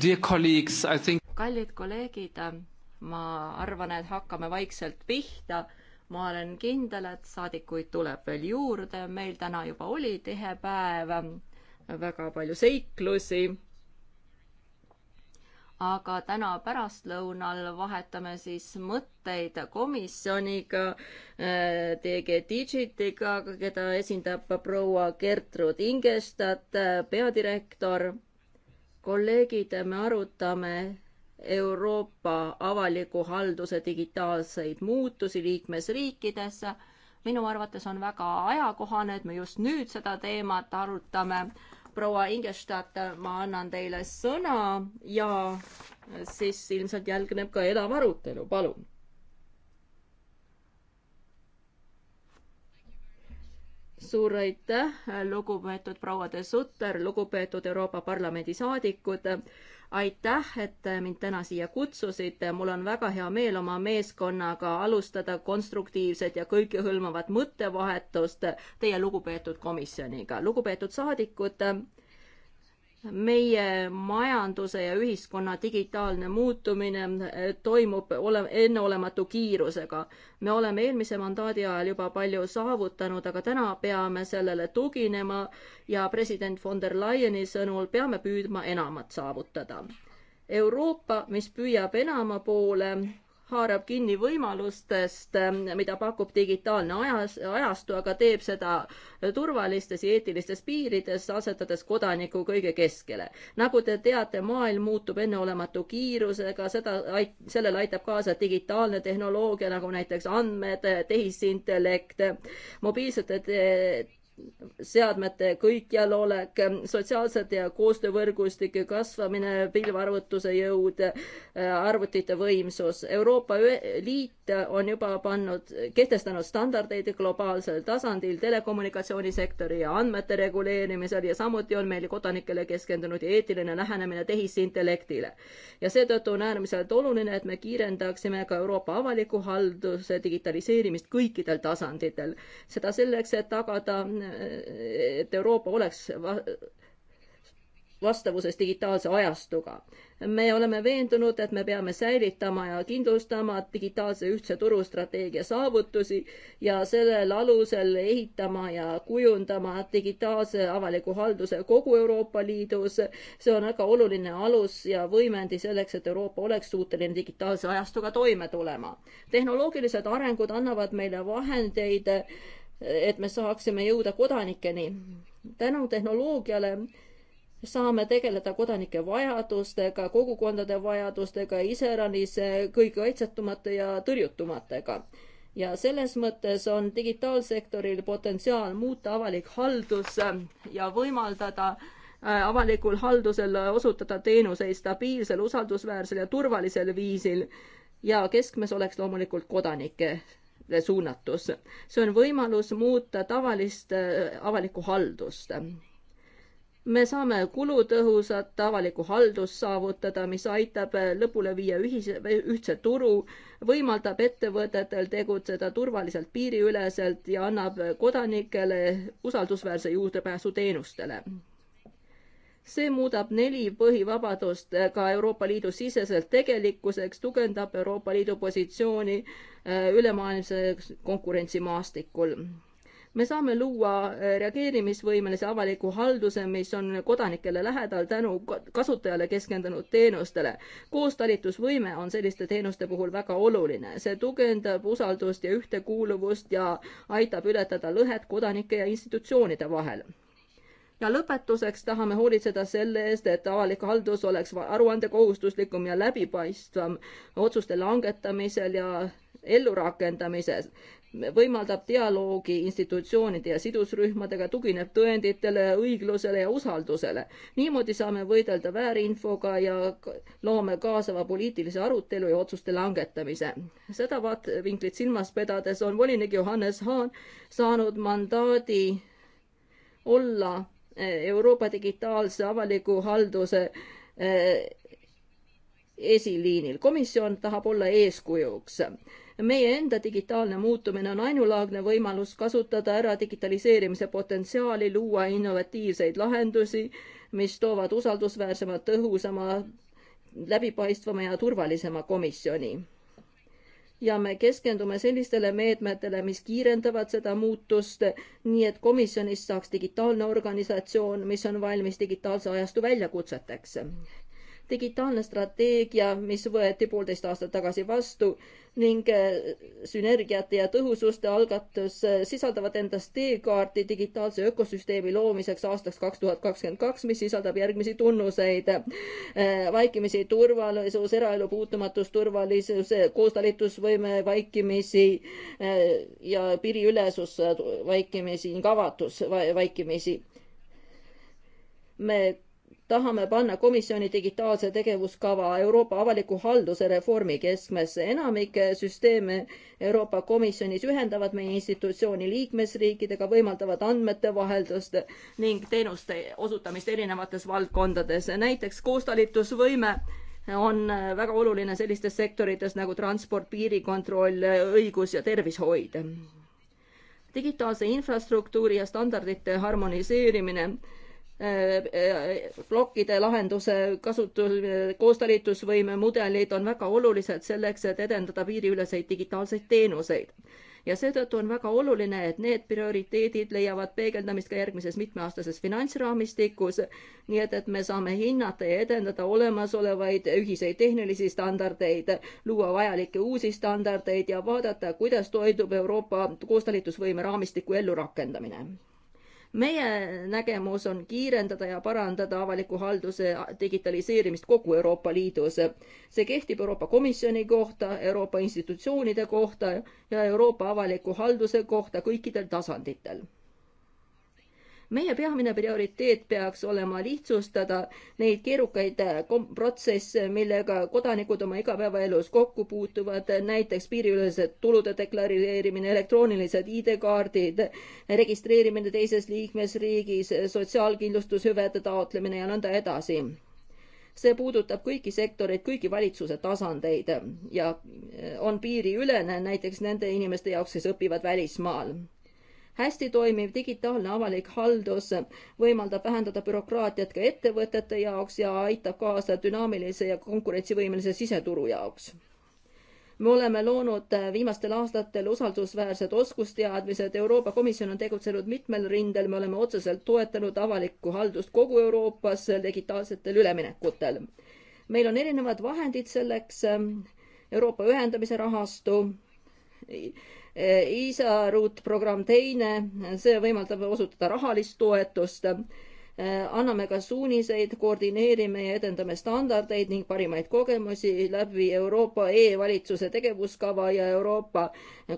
think... kallid kolleegid, ma arvan, et hakkame vaikselt pihta. ma olen kindel, et saadikuid tuleb veel juurde, meil täna juba oli tihe päev, väga palju seiklusi aga täna pärastlõunal vahetame siis mõtteid komisjoniga, TG Digitiga, keda esindab proua Gertrud Ingestad, peadirektor kolleegid, me arutame Euroopa avaliku halduse digitaalseid muutusi liikmesriikides. minu arvates on väga ajakohane, et me just nüüd seda teemat arutame. proua Ingestadt, ma annan teile sõna ja siis ilmselt järgneb ka elav arutelu, palun. suur aitäh, lugupeetud proua de Sutter, lugupeetud Euroopa Parlamendi saadikud. aitäh, et mind täna siia kutsusite, mul on väga hea meel oma meeskonnaga alustada konstruktiivset ja kõikehõlmavat mõttevahetust teie lugupeetud komisjoniga. lugupeetud saadikud meie majanduse ja ühiskonna digitaalne muutumine eh, toimub ole-, enneolematu kiirusega. me oleme eelmise mandaadi ajal juba palju saavutanud, aga täna peame sellele tuginema ja president von der Leyeni sõnul peame püüdma enamat saavutada. Euroopa, mis püüab enama poole, haarab kinni võimalustest, ähm, mida pakub digitaalne ajas, ajastu, aga teeb seda turvalistes ja eetilistes piirides, asetades kodaniku kõige keskele. nagu te teate, maailm muutub enneolematu kiirusega, seda, sellele aitab kaasa digitaalne tehnoloogia, nagu näiteks andmed, tehisintellekt, mobiilsete te seadmete kõikjalolek, sotsiaalsete ja koostöövõrgustike kasvamine, pilvearvutuse jõud, arvutite võimsus. Euroopa Liit Liit äh, on juba pannud, kehtestanud standardeid globaalsel tasandil telekommunikatsioonisektori ja andmete reguleerimisel ja samuti on meil kodanikele keskendunud eetiline lähenemine tehisintellektile. ja seetõttu on äärmiselt oluline, et me kiirendaksime ka Euroopa avaliku halduse digitaliseerimist kõikidel tasanditel. seda selleks, et tagada, äh, et Euroopa oleks vastavuses digitaalse ajastuga. me oleme veendunud, et me peame säilitama ja kindlustama digitaalse ühtse turu strateegia saavutusi ja sellel alusel ehitama ja kujundama digitaalse avaliku halduse kogu Euroopa Liidus. see on väga oluline alus ja võimendi selleks, et Euroopa oleks suuteline digitaalse ajastuga toime tulema. tehnoloogilised arengud annavad meile vahendeid, et me saaksime jõuda kodanikeni. tänu tehnoloogiale saame tegeleda kodanike vajadustega, kogukondade vajadustega, iseäranis eh, kõige kaitsetumate ja tõrjutumatega. ja selles mõttes on digitaalsektoril potentsiaal muuta avalik haldus eh, ja võimaldada eh, avalikul haldusel osutada teenuseid stabiilsel, usaldusväärsel ja turvalisel viisil ja keskmes oleks loomulikult kodanike suunatus. see on võimalus muuta tavalist avalikku haldust me saame kulutõhusat avalikku haldust saavutada, mis aitab lõpule viia ühise, ühtse turu, võimaldab ettevõtetel tegutseda turvaliselt piiriüleselt ja annab kodanikele usaldusväärse juurdepääsu teenustele. see muudab neli põhivabadust ka Euroopa Liidu siseselt tegelikkuseks, tugevdab Euroopa Liidu positsiooni äh, ülemaailmse konkurentsimaastikul me saame luua äh, reageerimisvõimelise avaliku halduse, mis on kodanikele lähedal tänu kasutajale keskendunud teenustele. koostalitusvõime on selliste teenuste puhul väga oluline, see tugevdab usaldust ja ühtekuuluvust ja aitab ületada lõhet kodanike ja institutsioonide vahel ja lõpetuseks tahame hoolitseda selle eest, et avalik haldus oleks aruandekohustuslikum ja läbipaistvam otsuste langetamisel ja ellurakendamises võimaldab dialoogi institutsioonide ja sidusrühmadega, tugineb tõenditele, õiglusele ja usaldusele. niimoodi saame võidelda väärinfoga ja loome kaasava poliitilise arutelu ja otsuste langetamise. seda vaatvinklit silmas pidades on volinik Johannes Haan saanud mandaadi olla eh, Euroopa digitaalse avaliku halduse eh, esiliinil. komisjon tahab olla eeskujuks meie enda digitaalne muutumine on ainulaagne võimalus kasutada ära digitaliseerimise potentsiaali, luua innovatiivseid lahendusi, mis toovad usaldusväärsema, tõhusama, läbipaistvama ja turvalisema komisjoni. ja me keskendume sellistele meetmetele, mis kiirendavad seda muutust, nii et komisjonist saaks digitaalne organisatsioon, mis on valmis digitaalse ajastu väljakutseteks digitaalne strateegia, mis võeti poolteist aastat tagasi vastu ning äh, sünergiate ja tõhususte algatus äh, sisaldavad endas teekaarti digitaalse ökosüsteemi loomiseks aastaks kaks tuhat kakskümmend kaks, mis sisaldab järgmisi tunnuseid. Äh, vaikimisi turvalisus, eraelu puutumatus, turvalisus, koostalitusvõime, vaikimisi ja piiriülesus, vaikimisi ning avatus, vaikimisi. me tahame panna komisjoni digitaalse tegevuskava Euroopa avaliku halduse reformi keskmesse. enamik süsteeme Euroopa Komisjonis ühendavad meie institutsiooni liikmesriikidega, võimaldavad andmete vaheldust ning teenuste osutamist erinevates valdkondades. näiteks koostalitusvõime on väga oluline sellistes sektorites nagu transport, piirikontroll, õigus ja tervishoid digitaalse infrastruktuuri ja standardite harmoniseerimine plokkide lahenduse kasutamine, koostalitusvõime mudelid on väga olulised selleks, et edendada piiriüleseid digitaalseid teenuseid. ja seetõttu on väga oluline, et need prioriteedid leiavad peegeldamist ka järgmises mitmeaastases finantsraamistikus, nii et, et me saame hinnata ja edendada olemasolevaid ühiseid tehnilisi standardeid, luua vajalikke uusi standardeid ja vaadata, kuidas toidub Euroopa koostalitusvõime raamistiku ellurakendamine meie nägemus on kiirendada ja parandada avaliku halduse digitaliseerimist kogu Euroopa Liidus. see kehtib Euroopa Komisjoni kohta, Euroopa institutsioonide kohta ja Euroopa avaliku halduse kohta kõikidel tasanditel meie peamine prioriteet peaks olema lihtsustada neid keerukaid äh, protsesse, millega kodanikud oma igapäevaelus kokku puutuvad, näiteks piiriülesed tulude deklareerimine, elektroonilised ID-kaardid, registreerimine teises liikmesriigis, sotsiaalkindlustushüvede taotlemine ja nõnda edasi see puudutab kõiki sektoreid, kõigi valitsuse tasandeid ja äh, on piiriülene näiteks nende inimeste jaoks, kes õpivad välismaal hästi toimiv digitaalne avalik haldus võimaldab vähendada bürokraatiat ka ettevõtete jaoks ja aitab kaasa dünaamilise ja konkurentsivõimelise siseturu jaoks me oleme loonud viimastel aastatel usaldusväärsed oskusteadmised, Euroopa Komisjon on tegutsenud mitmel rindel, me oleme otseselt toetanud avalikku haldust kogu Euroopas digitaalsetel üleminekutel. meil on erinevad vahendid selleks, Euroopa ühendamise rahastu, E, ISA ruutprogramm teine, see võimaldab osutada rahalist toetust. E, anname ka suuniseid, koordineerime ja edendame standardeid ning parimaid kogemusi läbi Euroopa e-valitsuse tegevuskava ja Euroopa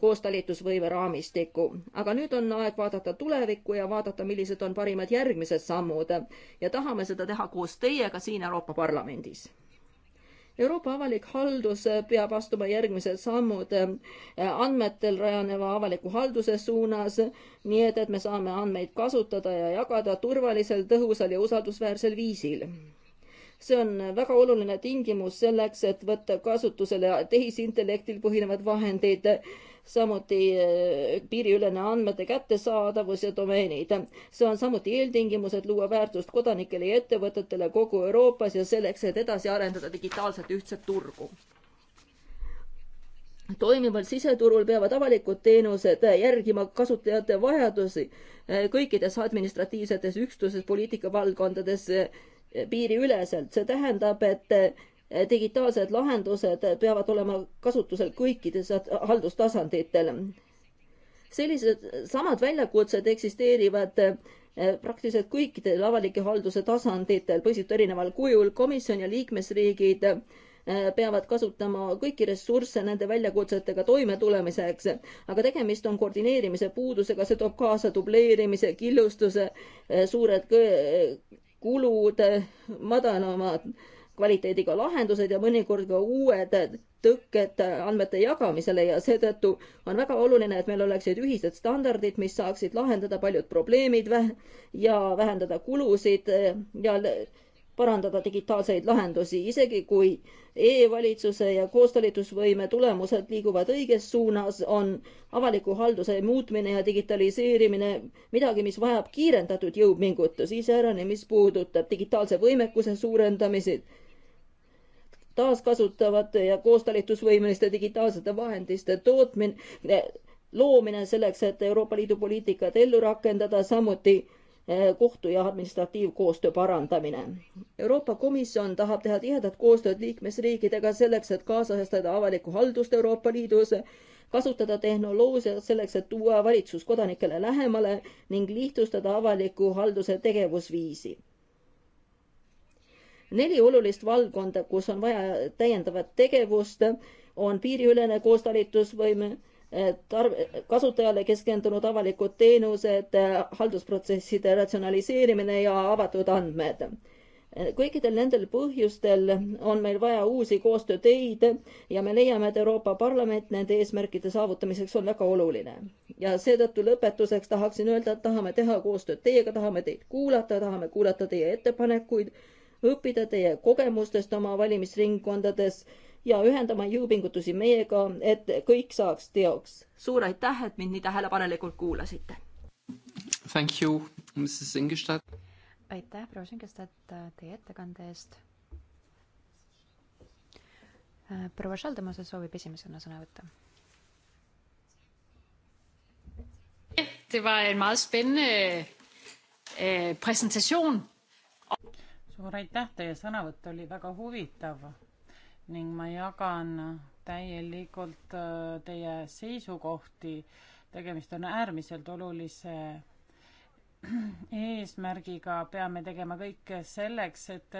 koostalitusvõime raamistiku. aga nüüd on aeg vaadata tulevikku ja vaadata, millised on parimad järgmised sammud ja tahame seda teha koos teiega siin Euroopa Parlamendis Euroopa avalik haldus peab astuma järgmised sammud eh, andmetel rajaneva avaliku halduse suunas, nii et, et me saame andmeid kasutada ja jagada turvalisel, tõhusal ja usaldusväärsel viisil see on väga oluline tingimus selleks, et võtta kasutusele tehisintellektil põhinevad vahendid, samuti eh, piiriülene andmete kättesaadavus ja domeenid. see on samuti eeltingimus, et luua väärtust kodanikele ja ettevõtetele kogu Euroopas ja selleks, et edasi arendada digitaalset ühtset turgu toimival siseturul peavad avalikud teenused järgima kasutajate vajadusi eh, kõikides administratiivsetes üksustes, poliitikavaldkondades piiriüleselt, see tähendab, et eh, digitaalsed lahendused peavad olema kasutusel kõikides haldustasanditel. sellised samad väljakutsed eksisteerivad eh, praktiliselt kõikidel avalike halduse tasanditel, põhiliselt erineval kujul, komisjon ja liikmesriigid eh, peavad kasutama kõiki ressursse nende väljakutsetega toimetulemiseks, aga tegemist on koordineerimise puudusega, see toob kaasa dubleerimise, killustuse, suured kulud, madalama kvaliteediga lahendused ja mõnikord ka uued tõkked andmete jagamisele ja seetõttu on väga oluline, et meil oleksid ühised standardid, mis saaksid lahendada paljud probleemid ja vähendada kulusid ja parandada digitaalseid lahendusi, isegi kui e-valitsuse ja koostalitusvõime tulemused liiguvad õiges suunas, on avaliku halduse muutmine ja digitaliseerimine midagi, mis vajab kiirendatud jõupingutusi, iseärani, mis puudutab digitaalse võimekuse suurendamisi, taaskasutavate ja koostalitusvõimeliste digitaalsete vahendiste tootmine, loomine selleks, et Euroopa Liidu poliitikat ellu rakendada, samuti Eh, kohtu ja administratiivkoostöö parandamine. Euroopa Komisjon tahab teha tihedat koostööd liikmesriikidega selleks, et kaasajastada avalikku haldust Euroopa Liidus, kasutada tehnoloogiat selleks, et tuua valitsus kodanikele lähemale ning lihtsustada avaliku halduse tegevusviisi. neli olulist valdkonda, kus on vaja täiendavat tegevust, on piiriülene koostalitusvõime tarb-, kasutajale keskendunud avalikud teenused, haldusprotsesside ratsionaliseerimine ja avatud andmed. kõikidel nendel põhjustel on meil vaja uusi koostööteid ja me leiame, et Euroopa Parlament nende eesmärkide saavutamiseks on väga oluline. ja seetõttu lõpetuseks tahaksin öelda, et tahame teha koostööd teiega, tahame teid kuulata, tahame kuulata teie ettepanekuid, õppida teie kogemustest oma valimisringkondades ja ühendama jõupingutusi meiega, et kõik saaks teoks. suur aitäh, et mind nii tähelepanelikult kuulasite. Thank you, Mrs Ingestad. aitäh, proua Ingestad, teie ettekande eest. proua Šaldemose soovib esimesena sõna võtta. Det var en meget spændende eh, præsentation. Suur aitäh, teie sõnavõtt oli väga huvitav ning ma jagan täielikult äh, teie seisukohti. tegemist on äärmiselt olulise eesmärgiga, peame tegema kõik selleks, et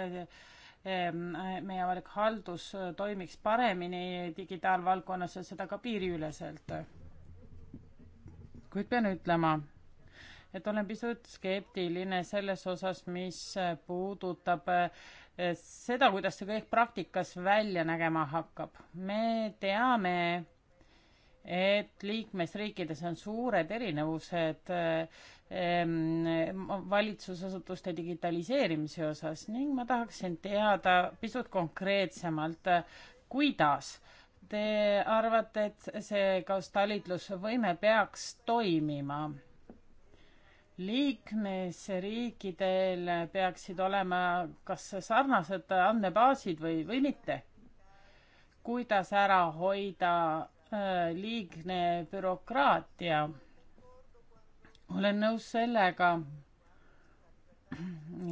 ähm, meie avalik haldus äh, toimiks paremini digitaalvaldkonnas ja seda ka piiriüleselt. kuid pean ütlema, et olen pisut skeptiline selles osas, mis puudutab äh, seda, kuidas see kõik praktikas välja nägema hakkab. me teame, et liikmesriikides on suured erinevused ehm, valitsusasutuste digitaliseerimise osas ning ma tahaksin teada pisut konkreetsemalt, kuidas te arvate, et see kaustalitlusvõime peaks toimima liikmesriikidel peaksid olema kas sarnased andmebaasid või, või mitte. kuidas ära hoida äh, liigne bürokraatia? olen nõus sellega,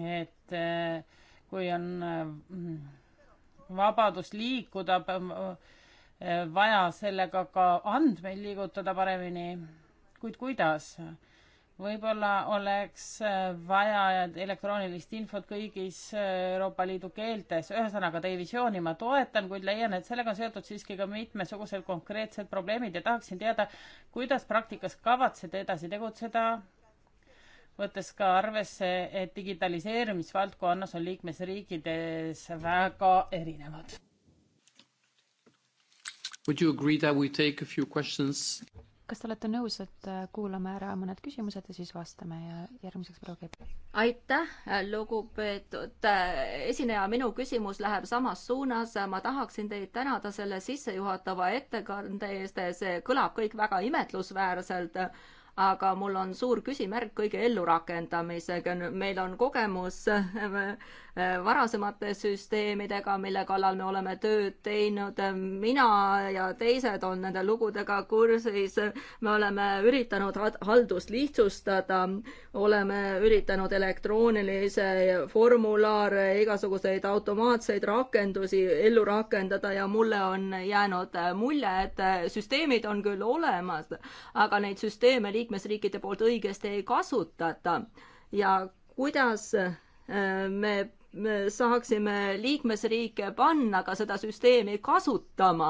et äh, kui on äh, vabadus liikuda, vaja sellega ka andmeid liigutada paremini, kuid kuidas? võib-olla oleks äh, vaja elektroonilist infot kõigis äh, Euroopa Liidu keeltes. ühesõnaga, teie visiooni ma toetan, kuid leian, et sellega on seotud siiski ka mitmesugused konkreetsed probleemid ja tahaksin teada, kuidas praktikas kavatsete edasi tegutseda, võttes ka arvesse, et digitaliseerimisvaldkonnas on liikmesriikides väga erinevad. Would you agree that we take a few questions? kas te olete nõus, et äh, kuulame ära mõned küsimused ja siis vastame ja järgmiseks proua Kepp? aitäh, lugupeetud äh, esineja, minu küsimus läheb samas suunas. ma tahaksin teid tänada selle sissejuhatava ettekande eest, see kõlab kõik väga imetlusväärselt aga mul on suur küsimärk kõige ellurakendamisega. meil on kogemus äh, varasemate süsteemidega, mille kallal me oleme tööd teinud. mina ja teised on nende lugudega kursis. me oleme üritanud haldust lihtsustada, oleme üritanud elektroonilise formulaare, igasuguseid automaatseid rakendusi ellu rakendada ja mulle on jäänud mulje, et süsteemid on küll olemas, aga neid süsteeme liiga liikmesriikide poolt õigesti ei kasutata ja kuidas äh, me saaksime liikmesriike panna ka seda süsteemi kasutama,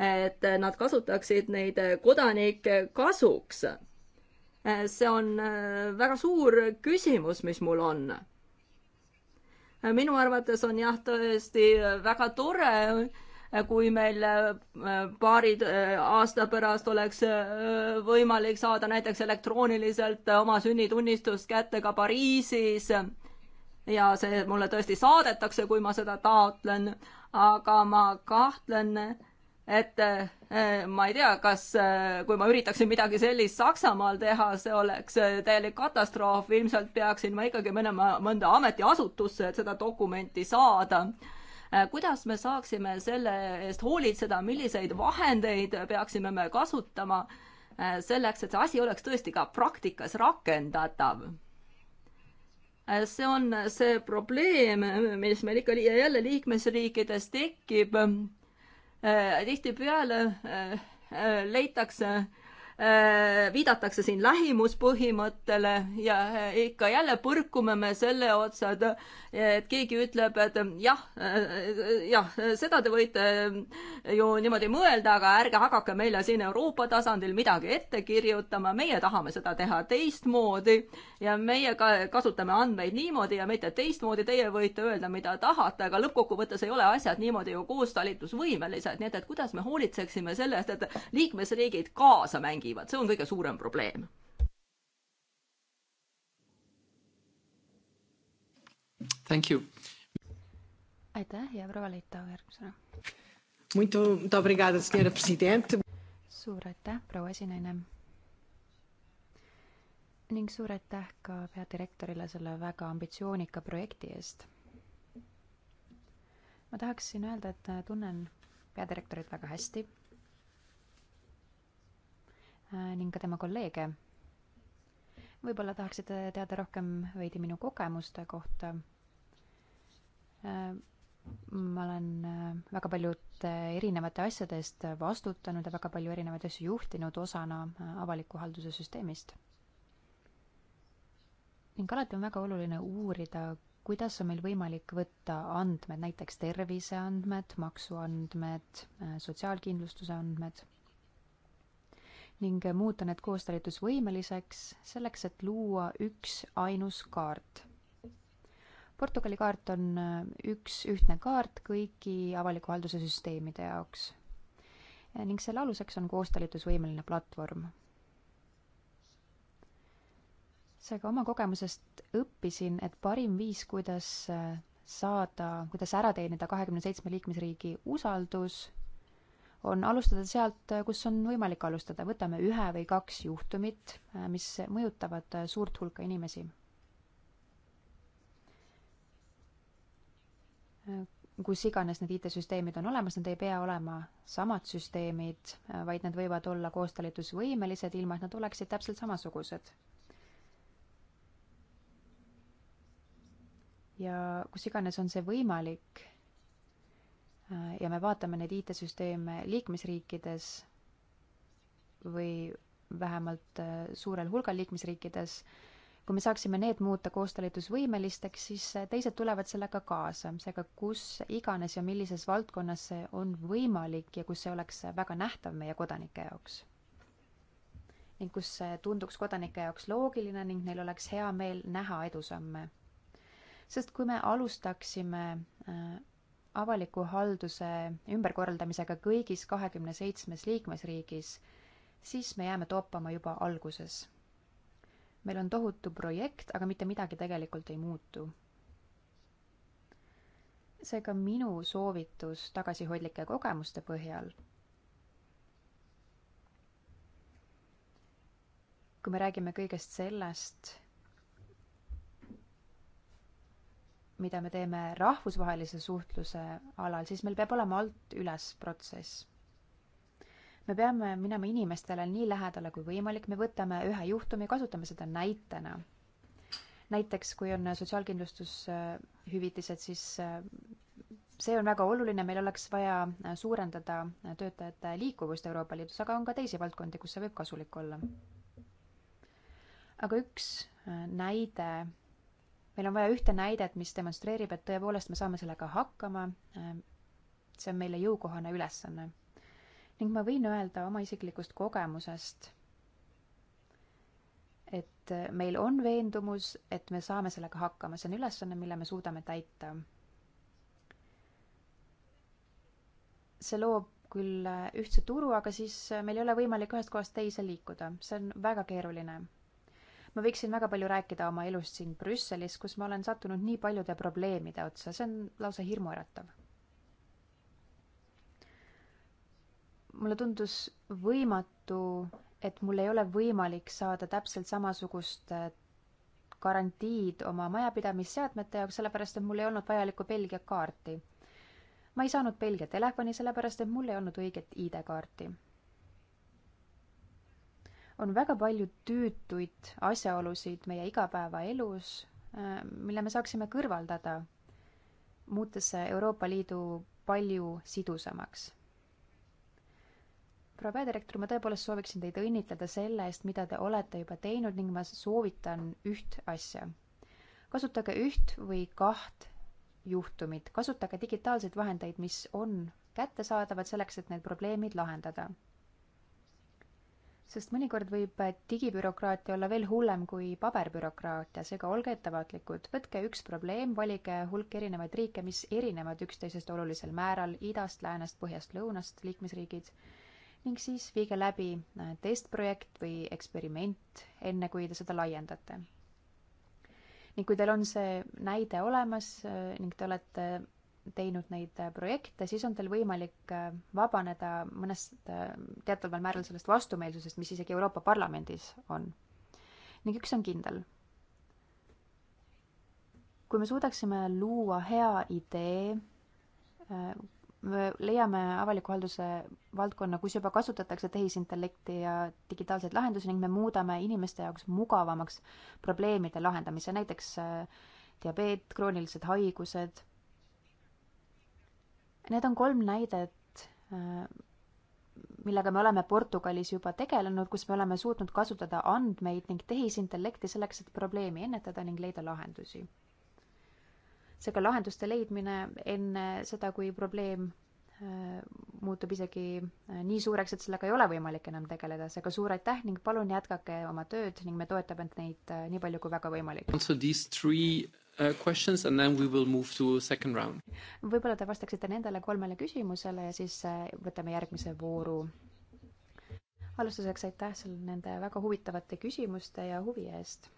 et nad kasutaksid neid kodanike kasuks. Äh, see on äh, väga suur küsimus, mis mul on minu arvates on jah, tõesti väga tore, Äh, kui meil äh, paari äh, aasta pärast oleks võimalik saada näiteks elektrooniliselt oma sünnitunnistust kätte ka Pariisis ja see mulle tõesti saadetakse, kui ma seda taotlen, aga ma kahtlen, et ma ei tea, kas, kui ma üritaksin midagi sellist Saksamaal teha, see oleks täielik katastroof, ilmselt peaksin ma ikkagi minema mõnda ametiasutusse, et seda dokumenti saada Äh, kuidas me saaksime selle eest hoolitseda, milliseid vahendeid peaksime me kasutama äh, selleks, et see asi oleks tõesti ka praktikas rakendatav. Äh, see on see probleem, mis meil ikka ja jälle liikmesriikides tekib. tihtipeale leitakse Äh, viidatakse siin lähimuspõhimõttele ja äh, ikka jälle põrkume me selle otsa, et et keegi ütleb, et äh, jah, jah, seda te võite ju niimoodi mõelda, aga ärge hakake meile siin Euroopa tasandil midagi ette kirjutama, meie tahame seda teha teistmoodi ja meie ka kasutame andmeid niimoodi ja mitte teistmoodi, teie võite öelda, mida tahate, aga lõppkokkuvõttes ei ole asjad niimoodi ju koostalitusvõimelised, nii et, et kuidas me hoolitseksime selle eest, et liikmesriigid kaasa mängivad mängivad, see on kõige suurem probleem. Thank you. aitäh ja proua Leitau järgmisena. Muito obrigada, senhora president. suur aitäh, proua esinaine. ning suur aitäh ka peadirektorile selle väga ambitsioonika projekti eest. ma tahaksin öelda, et tunnen peadirektorit väga hästi Äh, ning ka tema kolleege. võib-olla tahaksite äh, teada rohkem veidi minu kogemuste kohta. Äh, ma olen väga paljude erinevate asjade eest vastutanud ja väga palju erinevaid asju juhtinud osana avaliku halduse süsteemist. ning alati on väga oluline uurida, kuidas on meil võimalik võtta andmed, näiteks terviseandmed, maksuandmed, sotsiaalkindlustuse andmed ning muuta need koostalitusvõimeliseks, selleks et luua üks ainus kaart. Portugali kaart on äh, üks ühtne kaart kõigi avaliku halduse süsteemide jaoks ning selle aluseks on koostalitusvõimeline platvorm. seega oma kogemusest õppisin, et parim viis, kuidas äh, saada, kuidas ära teenida kahekümne seitsme liikmesriigi usaldus on alustada sealt, kus on võimalik alustada, võtame ühe või kaks juhtumit, mis mõjutavad suurt hulka inimesi. kus iganes need IT-süsteemid on olemas, nad ei pea olema samad süsteemid, vaid nad võivad olla koostalitusvõimelised, ilma et nad oleksid täpselt samasugused ja kus iganes on see võimalik, Äh, ja me vaatame neid IT-süsteeme liikmesriikides või vähemalt äh, suurel hulgal liikmesriikides, kui me saaksime need muuta koostalitusvõimelisteks, siis äh, teised tulevad sellega kaasa, seega kus iganes ja millises valdkonnas see on võimalik ja kus see oleks väga nähtav meie kodanike jaoks. ning kus see tunduks kodanike jaoks loogiline ning neil oleks hea meel näha edusamme. sest kui me alustaksime avaliku halduse ümberkorraldamisega kõigis kahekümne seitsmes liikmesriigis, siis me jääme toppama juba alguses. meil on tohutu projekt, aga mitte midagi tegelikult ei muutu. seega minu soovitus tagasihoidlike kogemuste põhjal kui me räägime kõigest sellest, mida me teeme rahvusvahelise suhtluse alal, siis meil peab olema alt üles protsess. me peame minema inimestele nii lähedale kui võimalik, me võtame ühe juhtumi, kasutame seda näitena. näiteks kui on sotsiaalkindlustushüvitised, siis äh, see on väga oluline, meil oleks vaja äh, suurendada töötajate liikuvust Euroopa Liidus, aga on ka teisi valdkondi, kus see võib kasulik olla. aga üks äh, näide meil on vaja ühte näidet, mis demonstreerib, et tõepoolest me saame sellega hakkama. see on meile jõukohane ülesanne. ning ma võin öelda oma isiklikust kogemusest, et meil on veendumus, et me saame sellega hakkama, see on ülesanne, mille me suudame täita. see loob küll ühtse turu, aga siis meil ei ole võimalik ühest kohast teise liikuda, see on väga keeruline ma võiksin väga palju rääkida oma elust siin Brüsselis, kus ma olen sattunud nii paljude probleemide otsa, see on lausa hirmuäratav. mulle tundus võimatu, et mul ei ole võimalik saada täpselt samasugust äh, garantiid oma majapidamisseadmete jaoks, sellepärast et mul ei olnud vajalikku Belgia kaarti. ma ei saanud Belgia telefoni, sellepärast et mul ei olnud õiget ID-kaarti on väga palju tüütuid asjaolusid meie igapäevaelus, äh, mille me saaksime kõrvaldada, muutes Euroopa Liidu palju sidusamaks. proua peadirektor, ma tõepoolest sooviksin teid õnnitleda selle eest, mida te olete juba teinud ning ma soovitan üht asja. kasutage üht või kaht juhtumit, kasutage digitaalseid vahendeid, mis on kättesaadavad selleks, et need probleemid lahendada sest mõnikord võib digibürokraatia olla veel hullem kui paberbürokraatia, seega olge ettevaatlikud, võtke üks probleem, valige hulk erinevaid riike, mis erinevad üksteisest olulisel määral idast, läänest, põhjast, lõunast, liikmesriigid, ning siis viige läbi äh, testprojekt või eksperiment, enne kui te seda laiendate. ning kui teil on see näide olemas äh, ning te olete teinud neid äh, projekte, siis on teil võimalik äh, vabaneda mõnest äh, teataval määral sellest vastumeelsusest, mis isegi Euroopa Parlamendis on. ning üks on kindel. kui me suudaksime luua hea idee, me leiame avaliku halduse valdkonna, kus juba kasutatakse tehisintellekti ja digitaalseid lahendusi ning me muudame inimeste jaoks mugavamaks probleemide lahendamise, näiteks diabeet, kroonilised haigused Need on kolm näidet, äh, millega me oleme Portugalis juba tegelenud, kus me oleme suutnud kasutada andmeid ning tehisintellekti selleks, et probleemi ennetada ning leida lahendusi. seega lahenduste leidmine enne seda, kui probleem äh, muutub isegi äh, nii suureks, et sellega ei ole võimalik enam tegeleda, seega suur aitäh ning palun jätkake oma tööd ning me toetame neid nii palju kui väga võimalik. Uh, questions and then we will move to second round. võib-olla te vastaksite nendele kolmele küsimusele ja siis uh, võtame järgmise vooru. alustuseks aitäh sulle nende väga huvitavate küsimuste ja huvi eest.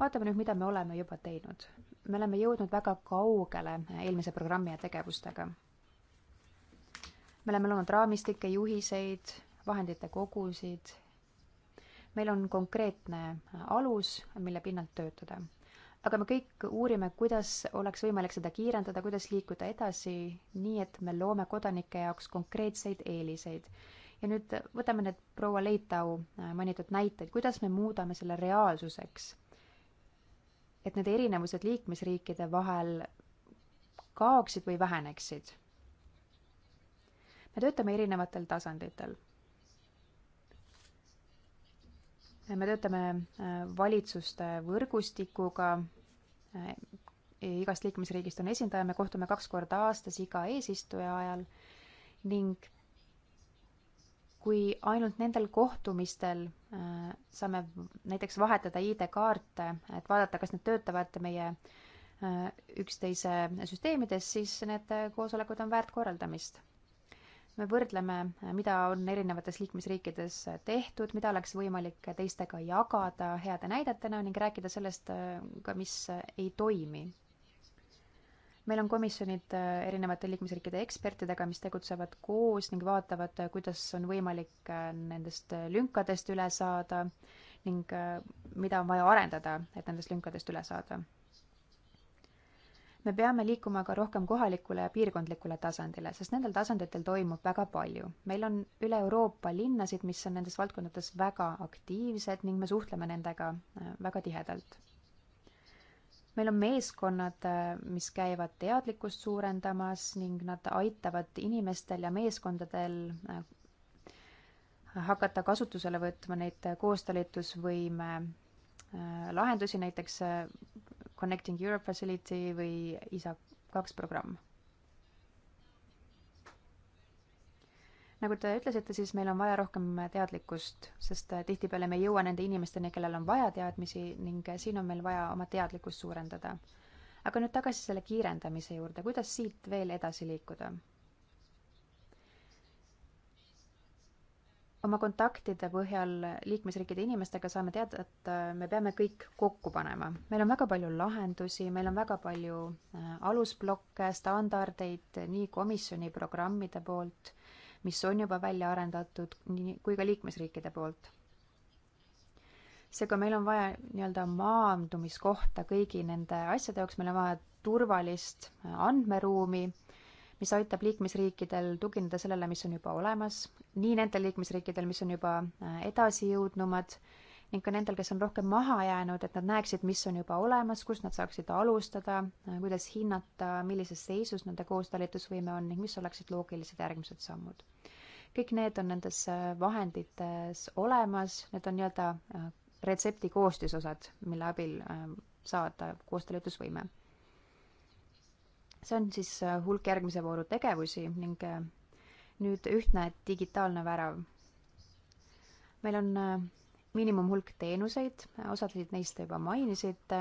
vaatame nüüd, mida me oleme juba teinud. me oleme jõudnud väga kaugele eelmise programmi ja tegevustega. me oleme loonud raamistikke, juhiseid, vahendite kogusid. meil on konkreetne alus, mille pinnalt töötada aga me kõik uurime, kuidas oleks võimalik seda kiirendada, kuidas liikuda edasi, nii et me loome kodanike jaoks konkreetseid eeliseid. ja nüüd võtame need proua Leitau äh, mainitud näiteid, kuidas me muudame selle reaalsuseks? et need erinevused liikmesriikide vahel kaoksid või väheneksid. me töötame erinevatel tasanditel me töötame äh, valitsuste võrgustikuga, äh, igast liikmesriigist on esindaja, me kohtume kaks korda aastas iga eesistuja ajal ning kui ainult nendel kohtumistel äh, saame näiteks vahetada ID-kaarte, et vaadata, kas need töötavad meie üksteise süsteemides, siis need koosolekud on väärt korraldamist me võrdleme, äh, mida on erinevates liikmesriikides äh, tehtud, mida oleks võimalik äh, teistega jagada heade näidetena ning rääkida sellest ka, mis ei toimi. meil on komisjonid erinevate liikmesriikide ekspertidega, mis tegutsevad koos ning vaatavad, kuidas on võimalik nendest lünkadest üle saada ning mida on vaja arendada, et nendest lünkadest üle saada me peame liikuma ka rohkem kohalikule ja piirkondlikule tasandile, sest nendel tasanditel toimub väga palju. meil on üle Euroopa linnasid, mis on nendes valdkondades väga aktiivsed ning me suhtleme nendega äh, väga tihedalt. meil on meeskonnad, äh, mis käivad teadlikkust suurendamas ning nad aitavad inimestel ja meeskondadel äh, hakata kasutusele võtma neid koostalitusvõime lahendusi, näiteks Connecting Europe Facility või ISA kaks programm. nagu te ütlesite, siis meil on vaja rohkem teadlikkust, sest eh, tihtipeale me ei jõua nende inimesteni, kellel on vaja teadmisi ning eh, siin on meil vaja oma teadlikkust suurendada. aga nüüd tagasi selle kiirendamise juurde, kuidas siit veel edasi liikuda? oma kontaktide põhjal liikmesriikide inimestega saame teada, et äh, me peame kõik kokku panema. meil on väga palju lahendusi, meil on väga palju äh, alusblokke, standardeid nii komisjoni programmide poolt, mis on juba välja arendatud, nii kui ka liikmesriikide poolt. seega meil on vaja nii-öelda maandumiskohta kõigi nende asjade jaoks, meil on vaja turvalist äh, andmeruumi mis aitab liikmesriikidel tugineda sellele, mis on juba olemas, nii nendel liikmesriikidel, mis on juba äh, edasijõudnumad, ning ka nendel, kes on rohkem maha jäänud, et nad näeksid, mis on juba olemas, kust nad saaksid alustada, äh, kuidas hinnata, millises seisus nende koostalitusvõime on ning mis oleksid loogilised järgmised sammud. kõik need on nendes äh, vahendites olemas, need on nii-öelda retsepti koostisosad, mille abil saada koostalitusvõime see on siis äh, hulk järgmise vooru tegevusi ning äh, nüüd ühtne digitaalne värav. meil on äh, miinimumhulk teenuseid, osasid neist te juba mainisite,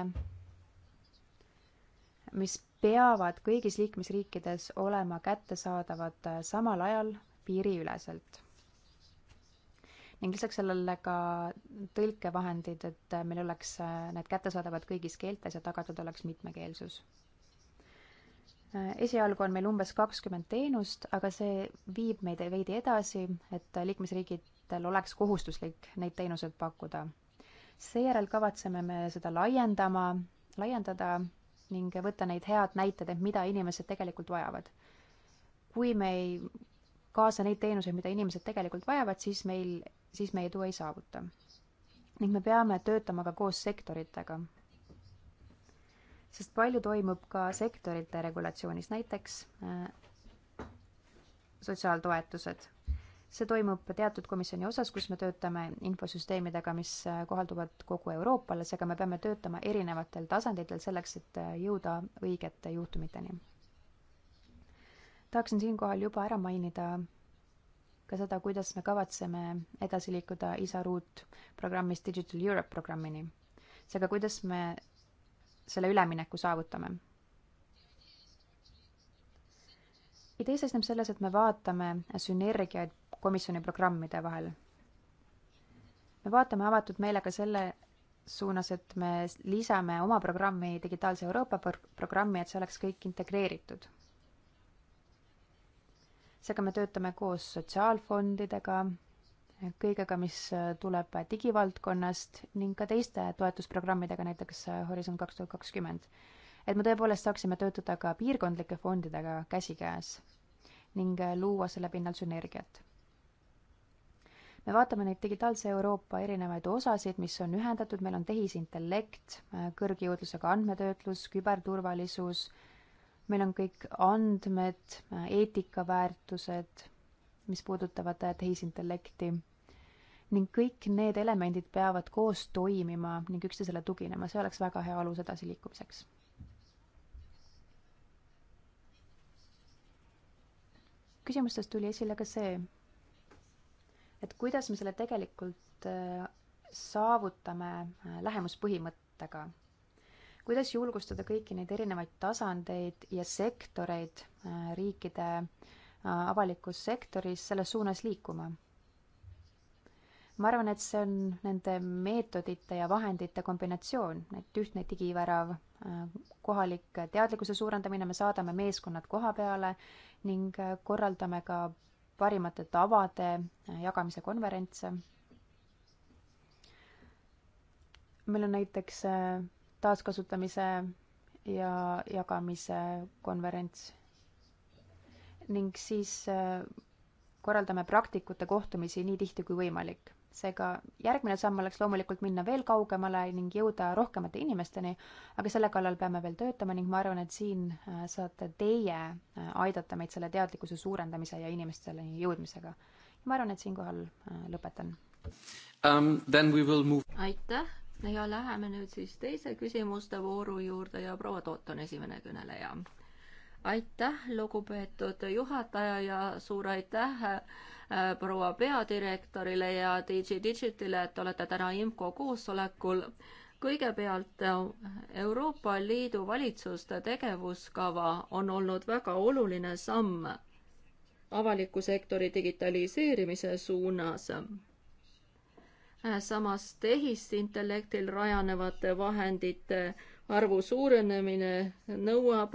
mis peavad kõigis liikmesriikides olema kättesaadavad samal ajal piiriüleselt. ning lisaks sellele ka tõlkevahendid, et meil oleks need kättesaadavad kõigis keeltes ja tagatud oleks mitmekeelsus Äh, esialgu on meil umbes kakskümmend teenust, aga see viib meid veidi edasi, et liikmesriigidel oleks kohustuslik neid teenuseid pakkuda. seejärel kavatseme me seda laiendama, laiendada ning võtta neid head näited, et mida inimesed tegelikult vajavad. kui me ei kaasa neid teenuseid, mida inimesed tegelikult vajavad, siis meil, siis me edu ei saavuta. ning me peame töötama ka koos sektoritega sest palju toimub ka sektorite regulatsioonis, näiteks äh, sotsiaaltoetused. see toimub teatud komisjoni osas, kus me töötame infosüsteemidega, mis äh, kohalduvad kogu Euroopale, seega me peame töötama erinevatel tasanditel selleks, et äh, jõuda õigete juhtumiteni. tahaksin siinkohal juba ära mainida ka seda, kuidas me kavatseme edasi liikuda ISA ruutprogrammist Digital Europe programmini. seega, kuidas me selle ülemineku saavutame. idee seisneb selles, et me vaatame sünergiaid komisjoni programmide vahel. me vaatame avatud meelega selle suunas, et me lisame oma programmi Digitaalse Euroopa programmi, et see oleks kõik integreeritud. seega me töötame koos sotsiaalfondidega kõigega, mis äh, tuleb äh, digivaldkonnast ning ka teiste toetusprogrammidega, näiteks äh, Horisont kaks tuhat kakskümmend. et me tõepoolest saaksime töötada ka piirkondlike fondidega käsikäes ning luua selle pinnal sünergiat. me vaatame neid digitaalse Euroopa erinevaid osasid, mis on ühendatud, meil on tehisintellekt, kõrgjõudlusega andmetöötlus, küberturvalisus, meil on kõik andmed, eetikaväärtused mis puudutavad äh, tehisintellekti. ning kõik need elemendid peavad koos toimima ning üksteisele tuginema, see oleks väga hea alus edasiliikumiseks küsimustes tuli esile ka see, et kuidas me selle tegelikult äh, saavutame äh, lähemuspõhimõttega. kuidas julgustada kõiki neid erinevaid tasandeid ja sektoreid riikide Äh, avalikus sektoris selles suunas liikuma. ma arvan, et see on nende meetodite ja vahendite kombinatsioon, et ühtne digivärav, äh, kohalik teadlikkuse suurendamine, me saadame meeskonnad koha peale ning äh, korraldame ka parimate tavade jagamise konverentse. meil on näiteks taaskasutamise ja jagamise konverents ning siis äh, korraldame praktikute kohtumisi nii tihti kui võimalik. seega järgmine samm oleks loomulikult minna veel kaugemale ning jõuda rohkemate inimesteni, aga selle kallal peame veel töötama ning ma arvan, et siin äh, saate teie äh, aidata meid selle teadlikkuse suurendamise ja inimesteni jõudmisega. ma arvan, et siinkohal lõpetan um,. aitäh ja läheme nüüd siis teise küsimuste vooru juurde ja proua Toot on esimene kõneleja aitäh, lugupeetud juhataja ja suur aitäh äh, proua peadirektorile ja DG Digitile, et olete täna IMCO koosolekul. kõigepealt äh, Euroopa Liidu valitsuste tegevuskava on olnud väga oluline samm avaliku sektori digitaliseerimise suunas. Äh, samas tehisintellektil rajanevate vahendite arvu suurenemine nõuab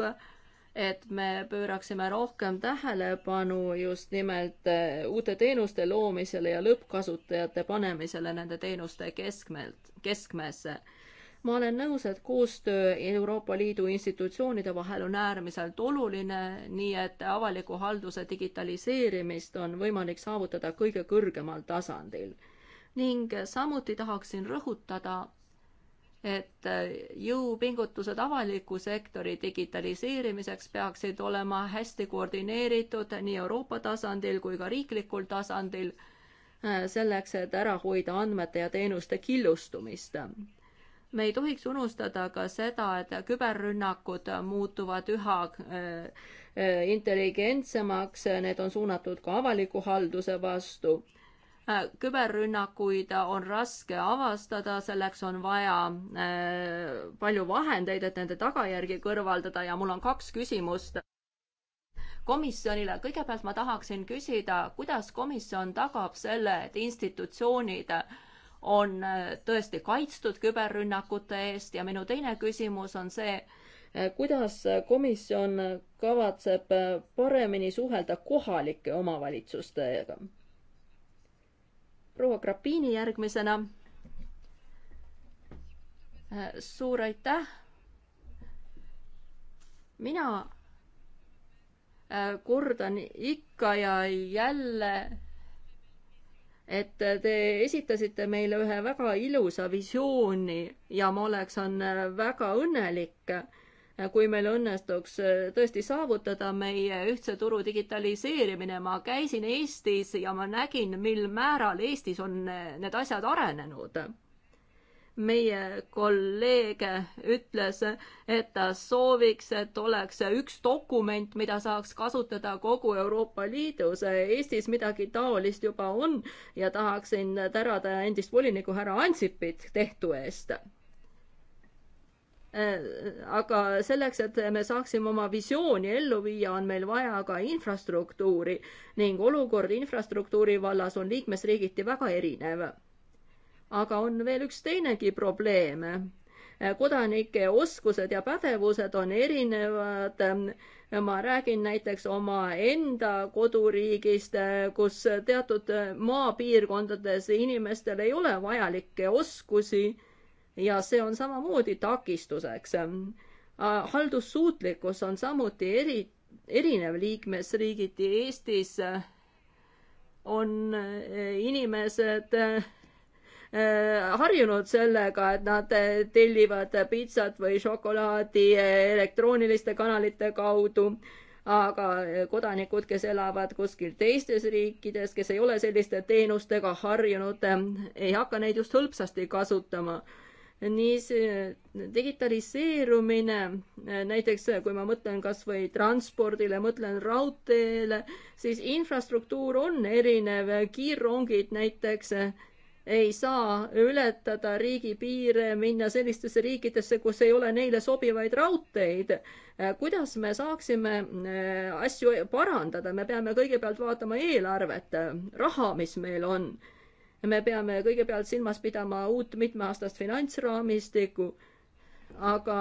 et me pööraksime rohkem tähelepanu just nimelt eh, uute teenuste loomisele ja lõppkasutajate panemisele nende teenuste keskmelt, keskmesse. ma olen nõus, et koostöö Euroopa Liidu institutsioonide vahel on äärmiselt oluline, nii et avaliku halduse digitaliseerimist on võimalik saavutada kõige kõrgemal tasandil. ning samuti tahaksin rõhutada, et äh, jõupingutused avaliku sektori digitaliseerimiseks peaksid olema hästi koordineeritud nii Euroopa tasandil kui ka riiklikul tasandil, äh, selleks et ära hoida andmete ja teenuste killustumist. me ei tohiks unustada ka seda, et küberrünnakud muutuvad üha äh, intelligentsemaks, need on suunatud ka avaliku halduse vastu Äh, küberrünnakuid on raske avastada, selleks on vaja äh, palju vahendeid, et nende tagajärgi kõrvaldada ja mul on kaks küsimust komisjonile. kõigepealt ma tahaksin küsida, kuidas komisjon tagab selle, et institutsioonid on äh, tõesti kaitstud küberrünnakute eest ja minu teine küsimus on see, kuidas komisjon kavatseb paremini suhelda kohalike omavalitsustega proua Grapini järgmisena. suur aitäh. mina äh, kordan ikka ja jälle, et te esitasite meile ühe väga ilusa visiooni ja ma oleks, on äh, väga õnnelik Äh, kui meil õnnestuks äh, tõesti saavutada meie ühtse turu digitaliseerimine. ma käisin Eestis ja ma nägin, mil määral Eestis on äh, need asjad arenenud. meie kolleeg ütles, et ta sooviks, et oleks üks dokument, mida saaks kasutada kogu Euroopa Liidus. Eestis midagi taolist juba on ja tahaksin tänada endist volinikku härra Ansipit tehtu eest Äh, aga selleks, et me saaksime oma visiooni ellu viia, on meil vaja ka infrastruktuuri ning olukord infrastruktuuri vallas on liikmesriigiti väga erinev. aga on veel üks teinegi probleem. Äh, kodanike oskused ja pädevused on erinevad. Äh, ma räägin näiteks omaenda koduriigist, kus teatud maapiirkondades inimestel ei ole vajalikke oskusi ja see on samamoodi takistuseks. Äh, haldussuutlikkus on samuti eri, erinev liikmesriigiti. Eestis äh, on äh, inimesed harjunud sellega, et nad tellivad pitsat või šokolaadi elektrooniliste kanalite kaudu, aga kodanikud, kes elavad kuskil teistes riikides, kes ei ole selliste teenustega harjunud, ei hakka neid just hõlpsasti kasutama niis eh, digitaliseerumine, eh, näiteks eh, kui ma mõtlen kas või transpordile, mõtlen raudteele, siis infrastruktuur on erinev, kiirrongid näiteks ei saa ületada riigipiire, minna sellistesse riikidesse, kus ei ole neile sobivaid raudteid. kuidas me saaksime asju parandada, me peame kõigepealt vaatama eelarvet, raha, mis meil on me peame kõigepealt silmas pidama uut mitmeaastast finantsraamistikku, aga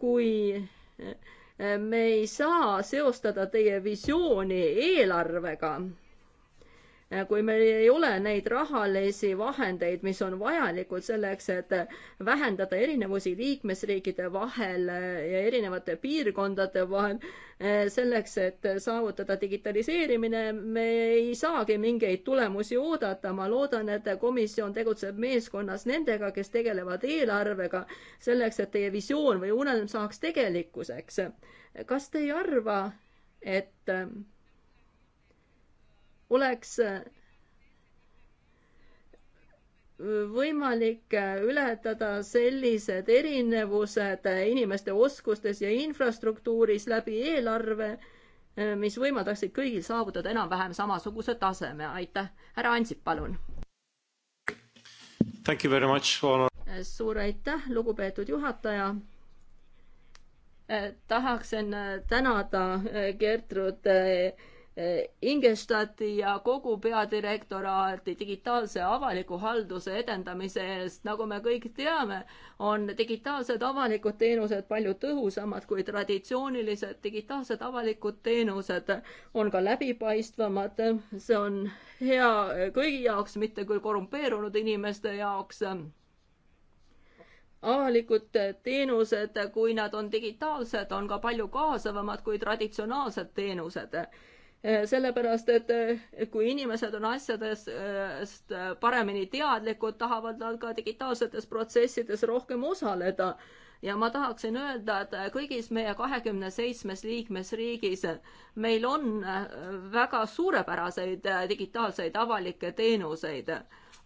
kui me ei saa seostada teie visiooni eelarvega, Äh, kui meil ei ole neid rahalisi vahendeid, mis on vajalikud selleks, et vähendada erinevusi liikmesriikide vahel äh, ja erinevate piirkondade vahel, äh, selleks, et saavutada digitaliseerimine, me ei saagi mingeid tulemusi oodata. ma loodan, et komisjon tegutseb meeskonnas nendega, kes tegelevad eelarvega, selleks, et teie visioon või unelm saaks tegelikkuseks. kas te ei arva, et oleks äh, võimalik äh, ületada sellised erinevused äh, inimeste oskustes ja infrastruktuuris läbi eelarve, mis võimaldaksid kõigil saavutada enam-vähem samasuguse taseme. aitäh, härra Ansip, palun. suur aitäh, lugupeetud juhataja. tahaksin tänada Gertrud hingestati ja kogu peadirektoraati digitaalse avaliku halduse edendamise eest. nagu me kõik teame, on digitaalsed avalikud teenused palju tõhusamad kui traditsioonilised. digitaalsed avalikud teenused on ka läbipaistvamad. see on hea kõigi jaoks, mitte küll korrumpeerunud inimeste jaoks avalikud teenused, kui nad on digitaalsed, on ka palju kaasavamad kui traditsionaalsed teenused Eh, sellepärast, et eh, kui inimesed on asjadest eh, paremini teadlikud, tahavad nad ka digitaalsetes protsessides rohkem osaleda. ja ma tahaksin öelda, et kõigis meie kahekümne seitsmes liikmesriigis meil on väga suurepäraseid digitaalseid avalikke teenuseid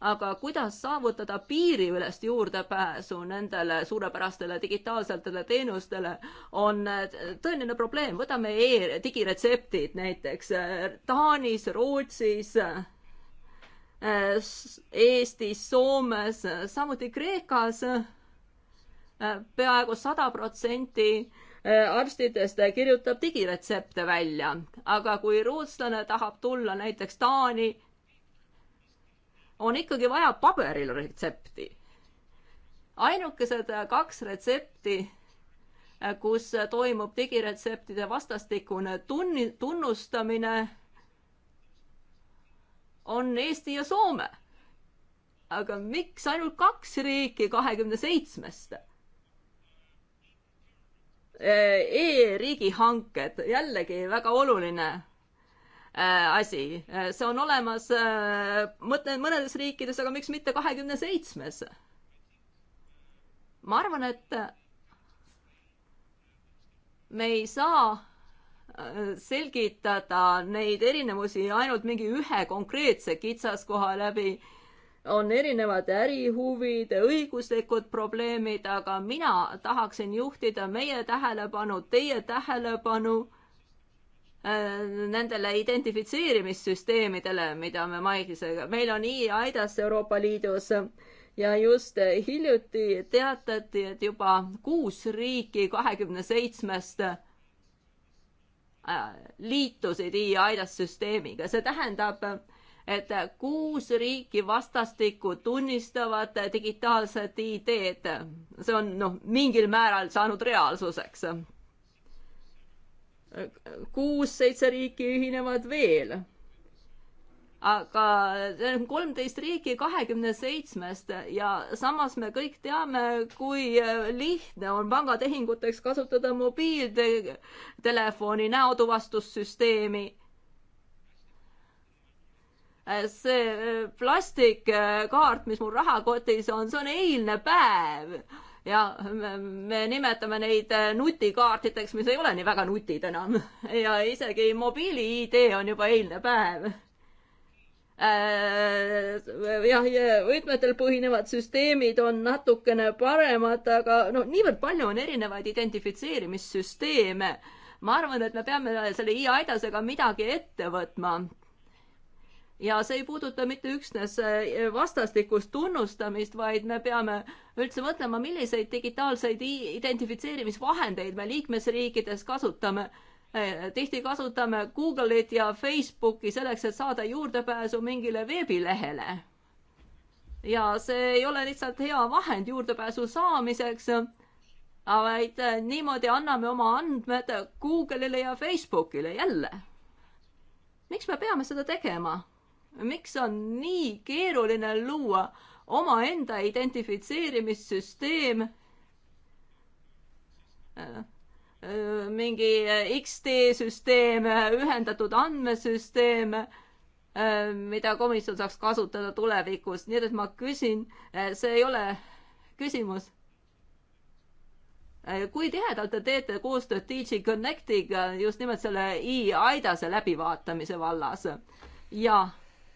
aga kuidas saavutada piiriülest juurdepääsu nendele suurepärastele digitaalsetele teenustele, on äh, tõeline probleem. võtame e-digiretseptid näiteks äh, Taanis, Rootsis, äh, Eestis, Soomes, samuti Kreekas peaaegu sada protsenti arstidest kirjutab digiretsepte välja, aga kui rootslane tahab tulla näiteks Taani on ikkagi vaja paberil retsepti. ainukesed kaks retsepti, kus toimub digiretseptide vastastikune tunni, tunnustamine, on Eesti ja Soome. aga miks ainult kaks riiki kahekümne seitsmest? e-riigihanked, jällegi väga oluline Äh, asi, äh, see on olemas äh, mõte, mõnedes riikides, aga miks mitte kahekümne seitsmes? ma arvan, et me ei saa selgitada neid erinevusi ainult mingi ühe konkreetse kitsaskoha läbi. on erinevad ärihuvid, õiguslikud probleemid, aga mina tahaksin juhtida meie tähelepanu, teie tähelepanu Äh, nendele identifitseerimissüsteemidele, mida me mainisime. meil on e-aidas Euroopa Liidus ja just hiljuti teatati, et juba kuus riiki kahekümne seitsmest äh, liitusid e-aidas süsteemiga, see tähendab, et kuus riiki vastastikku tunnistavad digitaalset ID-d. see on noh, mingil määral saanud reaalsuseks kuus-seitse riiki ühinevad veel. aga kolmteist riiki kahekümne seitsmest ja samas me kõik teame, kui lihtne on pangatehinguteks kasutada mobiiltelefoni näotuvastussüsteemi see plastikkaart, mis mul rahakotis on, see on eilne päev ja me nimetame neid äh, nutikaartideks, mis ei ole nii väga nutid enam ja isegi mobiili-ID on juba eilne päev äh, jah, võtmetel põhinevad süsteemid on natukene paremad, aga noh, niivõrd palju on erinevaid identifitseerimissüsteeme. ma arvan, et me peame selle i-aidasega midagi ette võtma ja see ei puuduta mitte üksnes äh, vastastikust tunnustamist, vaid me peame üldse mõtlema, milliseid digitaalseid identifitseerimisvahendeid me liikmesriikides kasutame. Äh, tihti kasutame Google'it ja Facebooki selleks, et saada juurdepääsu mingile veebilehele. ja see ei ole lihtsalt hea vahend juurdepääsu saamiseks, vaid äh, niimoodi anname oma andmed Google'ile ja Facebookile jälle miks me peame seda tegema? miks on nii keeruline luua omaenda identifitseerimissüsteem äh, äh, mingi X-tee süsteem, ühendatud andmesüsteem, äh, mida komisjon saaks kasutada tulevikus, nii et ma küsin, see ei ole küsimus. kui tihedalt te teete koostööd DG Connectiga just nimelt selle e i-aidase läbivaatamise vallas? jaa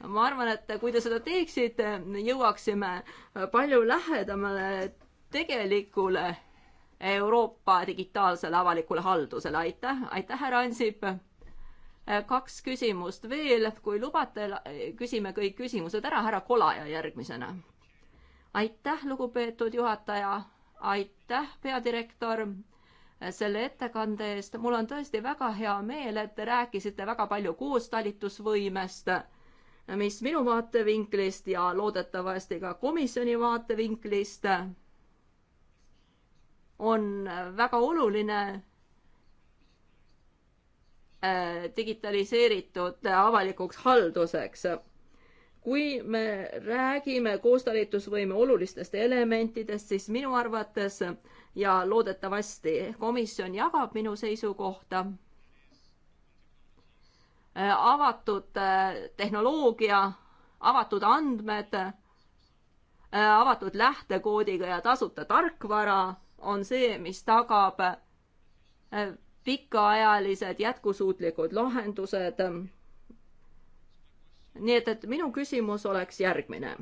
ma arvan, et kui te seda teeksite, jõuaksime palju lähedamale tegelikule Euroopa digitaalsele avalikule haldusele. aitäh, aitäh, härra Ansip. kaks küsimust veel, kui lubate, küsime kõik küsimused ära, härra Kolaja järgmisena. aitäh, lugupeetud juhataja, aitäh, peadirektor selle ettekande eest. mul on tõesti väga hea meel, et te rääkisite väga palju koostalitusvõimest mis minu vaatevinklist ja loodetavasti ka komisjoni vaatevinklist on väga oluline äh, digitaliseeritud avalikuks halduseks. kui me räägime koostalitusvõime olulistest elementidest, siis minu arvates ja loodetavasti komisjon jagab minu seisukohta Äh, avatud äh, tehnoloogia, avatud andmed, äh, avatud lähtekoodiga ja tasuta tarkvara on see, mis tagab pikaajalised jätkusuutlikud lahendused. nii et, et minu küsimus oleks järgmine.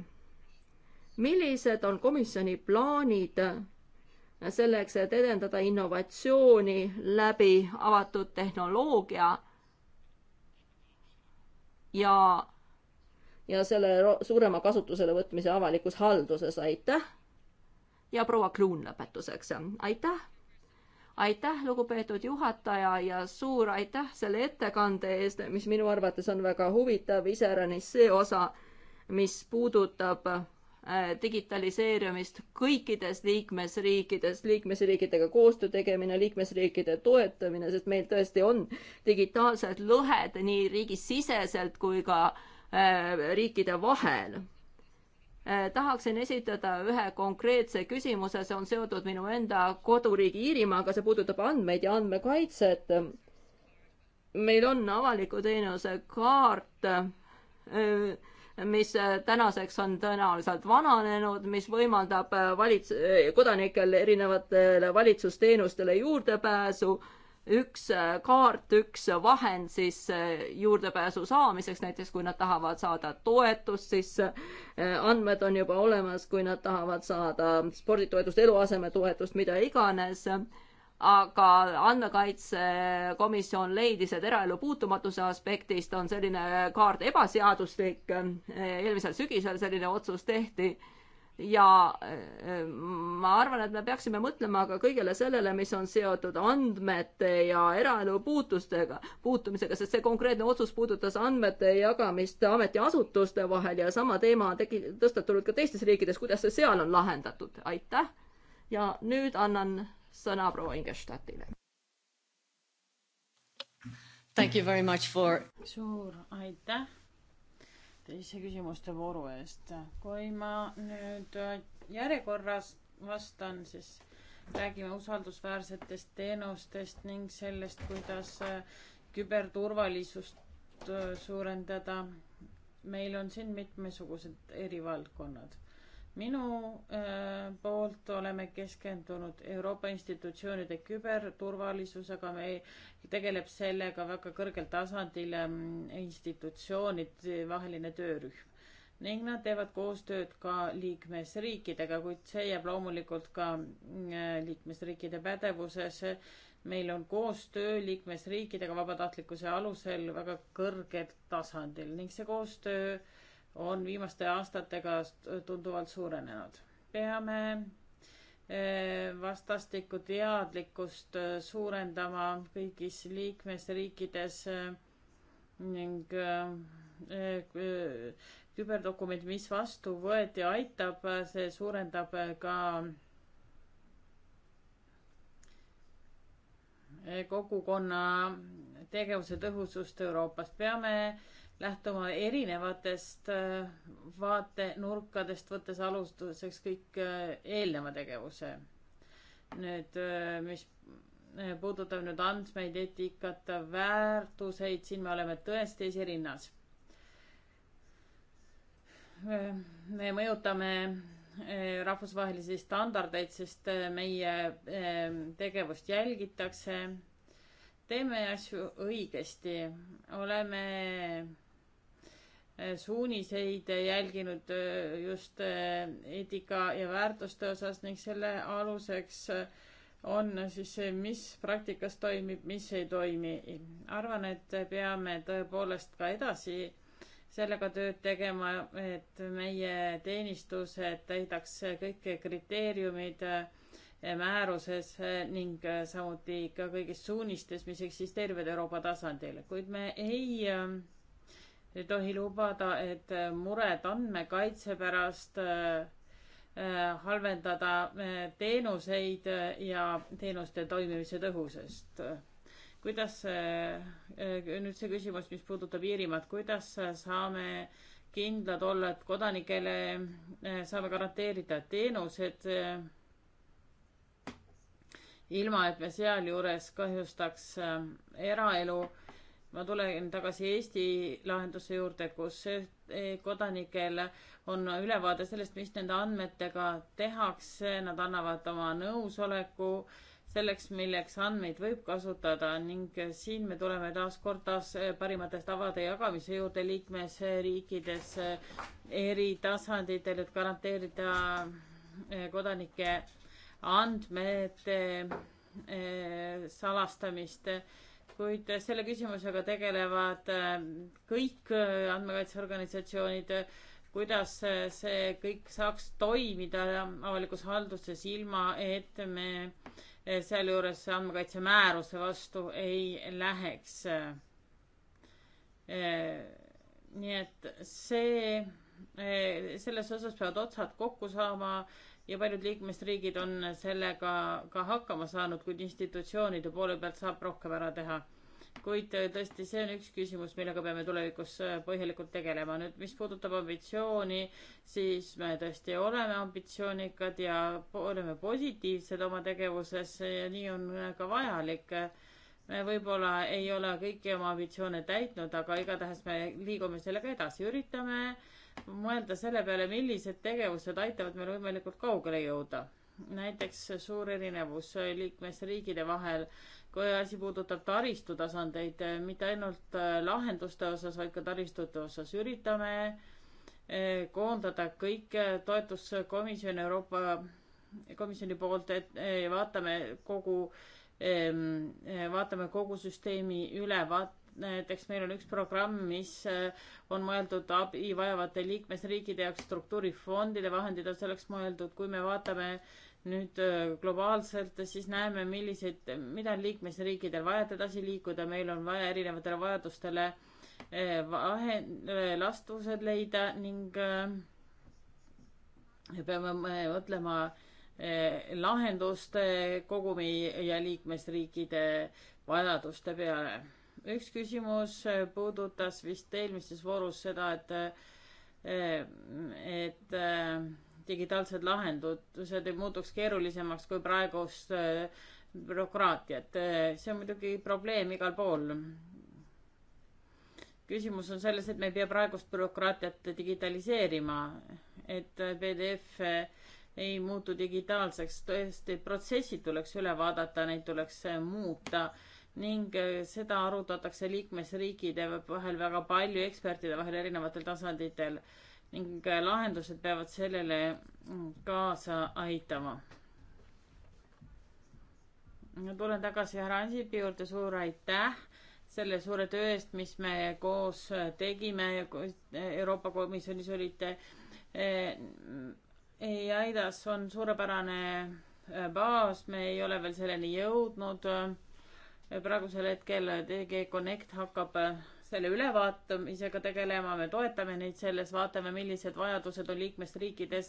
millised on komisjoni plaanid selleks, et edendada innovatsiooni läbi avatud tehnoloogia ja, ja selle suurema kasutusele võtmise avalikus halduses, aitäh. ja proua Kluun lõpetuseks, aitäh. aitäh, lugupeetud juhataja ja suur aitäh selle ettekande eest, mis minu arvates on väga huvitav, iseäranis see osa, mis puudutab Äh, digitaliseerimist kõikides liikmesriikides, liikmesriikidega koostöö tegemine, liikmesriikide toetamine, sest meil tõesti on digitaalsed lõhed nii riigisiseselt kui ka äh, riikide vahel. Äh, tahaksin esitada ühe konkreetse küsimuse, see on seotud minu enda koduriigi Iirimaaga, see puudutab andmeid ja andmekaitset. meil on avaliku teenuse kaart mis äh, tänaseks on tõenäoliselt vananenud, mis võimaldab äh, valits-, äh, kodanikel erinevatele valitsusteenustele juurdepääsu, üks kaart, üks vahend siis juurdepääsu saamiseks, näiteks kui nad tahavad saada toetust, siis andmed on juba olemas, kui nad tahavad saada sporditoetust, eluasemetoetust, mida iganes aga andmekaitsekomisjon leidis, et eraelu puutumatuse aspektist on selline kaart ebaseaduslik. eelmisel sügisel selline otsus tehti ja eh, ma arvan, et me peaksime mõtlema ka kõigele sellele, mis on seotud andmete ja eraelu puutustega, puutumisega, sest see konkreetne otsus puudutas andmete jagamist ametiasutuste vahel ja sama teema tegi, tõstatunud ka teistes riikides, kuidas see seal on lahendatud, aitäh. ja nüüd annan sõna proua Ingestatile. Thank you very much for. suur aitäh teise küsimuste vooru eest. kui ma nüüd järjekorras vastan, siis räägime usaldusväärsetest teenustest ning sellest, kuidas küberturvalisust suurendada. meil on siin mitmesugused erivaldkonnad minu äh, poolt oleme keskendunud Euroopa institutsioonide küberturvalisusega, me tegeleb sellega väga kõrgel tasandil ähm, institutsioonide vaheline töörühm ning nad teevad koostööd ka liikmesriikidega, kuid see jääb loomulikult ka äh, liikmesriikide pädevuses. meil on koostöö liikmesriikidega vabatahtlikkuse alusel väga kõrgel tasandil ning see koostöö äh, on viimaste aastatega tunduvalt suurenenud. peame eh, vastastikku teadlikkust eh, suurendama kõigis liikmesriikides eh, ning küberdokument, mis vastu võeti, aitab, see suurendab ka kogukonna tegevuse tõhusust Euroopas. peame lähtuma erinevatest äh, vaatenurkadest, võttes alustuseks kõik äh, eelneva tegevuse. nüüd, äh, mis puudutab nüüd andmeid, etikat, väärtuseid, siin me oleme tõesti esirinnas. me mõjutame rahvusvahelisi standardeid, sest meie tegevust jälgitakse. teeme asju õigesti, oleme suuniseid jälginud äh, just äh, eetika ja väärtuste osas ning selle aluseks äh, on siis see, mis praktikas toimib, mis ei toimi. arvan, et peame tõepoolest ka edasi sellega tööd tegema, et meie teenistused täidaks kõik kriteeriumid määruses ning samuti ka kõigis suunistes, mis eksisteerivad Euroopa tasandil, kuid me ei ei tohi lubada, et äh, mured andmekaitse pärast äh, äh, halvendada teenuseid ja teenuste toimimise tõhusust. kuidas, nüüd see küsimus, mis puudutab Iirimaad, kuidas saame kindlad olla, et kodanikele saame garanteerida teenused ilma, et me sealjuures kahjustaks eraelu ma tulen tagasi Eesti lahenduse juurde, kus kodanikel on ülevaade sellest, mis nende andmetega tehakse, nad annavad oma nõusoleku selleks, milleks andmeid võib kasutada ning siin me tuleme taas kord taas parimate tavade jagamise juurde liikmesriikides eri tasanditel, et garanteerida eh, kodanike andmete eh, salastamist kuid selle küsimusega tegelevad äh, kõik äh, andmekaitseorganisatsioonid, äh, kuidas see kõik saaks toimida avalikus halduses, ilma et me sealjuures andmekaitsemääruse vastu ei läheks. nii et see, selles osas peavad otsad kokku saama ja paljud liikmesriigid on sellega ka hakkama saanud, kuid institutsioonide poole pealt saab rohkem ära teha. kuid äh, tõesti, see on üks küsimus, millega peame tulevikus äh, põhjalikult tegelema. nüüd, mis puudutab ambitsiooni, siis me tõesti oleme ambitsioonikad ja oleme positiivsed oma tegevuses ja nii on ka vajalik me võib-olla ei ole kõiki oma ambitsioone täitnud, aga igatahes me liigume sellega edasi, üritame äh, mõelda selle peale, millised tegevused aitavad meil võimalikult kaugele jõuda. näiteks suur erinevus liikmesriigide vahel, kui asi puudutab taristu tasandeid, mitte ainult äh, lahenduste osas, vaid ka taristute osas. üritame äh, koondada kõik äh, toetuskomisjon Euroopa Komisjoni poolt, et vaatame kogu, ähm, vaatame kogu süsteemi üle, vaat-, näiteks meil on üks programm, mis äh, on mõeldud abi vajavate liikmesriikide jaoks, struktuurifondide vahendid on selleks mõeldud, kui me vaatame nüüd äh, globaalselt, siis näeme, milliseid, mida on liikmesriikidel vaja, et edasi liikuda, meil on vaja erinevatele vajadustele äh, vahe, lastused leida ning me peame mõtlema lahenduste kogumi ja liikmesriikide vajaduste peale üks küsimus puudutas vist eelmises voorus seda, et, et digitaalsed lahendused ei muutuks keerulisemaks kui praegust bürokraatiat. see on muidugi probleem igal pool. küsimus on selles, et me ei pea praegust bürokraatiat digitaliseerima, et PDF ei muutu digitaalseks, tõesti protsessid tuleks üle vaadata, neid tuleks muuta ning äh, seda arutatakse liikmesriikide vahel väga palju, ekspertide vahel erinevatel tasanditel ning äh, lahendused peavad sellele mm, kaasa aitama. ma tulen tagasi härra Ansipi juurde, suur aitäh selle suure töö eest, mis me koos äh, tegime, Euroopa Komisjonis olite. EIAS on suurepärane baas, me ei ole veel selleni jõudnud praegusel hetkel DG Connect hakkab äh, selle ülevaatamisega tegelema, me toetame neid selles, vaatame, millised vajadused on liikmesriikides